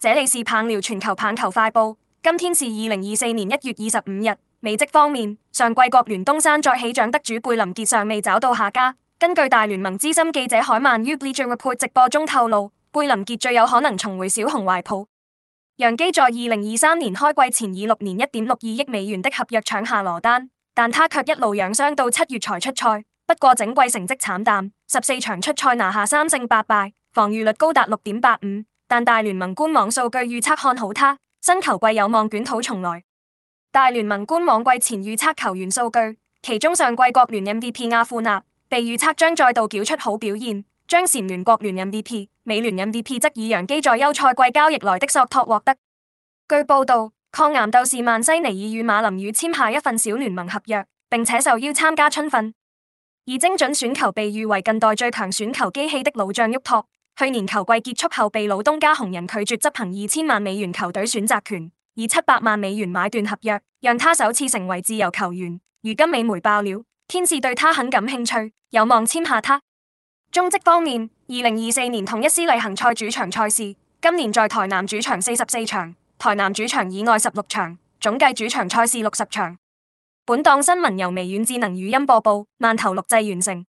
這裡是棒聊全球棒球快報，今天是二零二四年一月二十五日。美職方面，上季國聯東山再起獎得主貝林傑尚未找到下家。根據大聯盟資深記者海曼於 Bleacher Report 直播中透露，貝林傑最有可能重回小熊懷抱。楊基在二零二三年開季前以六年一點六二億美元的合約搶下羅丹，但他卻一路養傷到七月才出賽。不過整季成績慘淡，十四場出賽拿下三勝八敗，防御率高達六點八五。但大聯盟官網數據預測看好他，新球季有望捲土重來。大聯盟官網季前預測球員數據，其中上季國聯 MVP 阿庫納被預測將再度繳出好表現，將蟬聯國聯 MVP。美聯 MVP 則以洋基在休賽季交易來的索托獲得。據報道，抗癌鬥士曼西尼爾與馬林魚簽下一份小聯盟合約，並且受邀參加春訓。而精準選球被譽為近代最強選球機器的老將沃托，去年球季結束後被老東家紅人拒絕執行二千萬美元球隊選擇權，以七百萬美元買斷合約，讓他首次成為自由球員。如今美媒爆料，天使對他很感興趣，有望簽下他。中職方面，二零二四年統一獅例行賽主場賽事，今年在台南主場四十四場，台南主場以外十六場，總計主場賽事六十場。本檔新聞由微軟智能語音播報，慢頭錄製完成。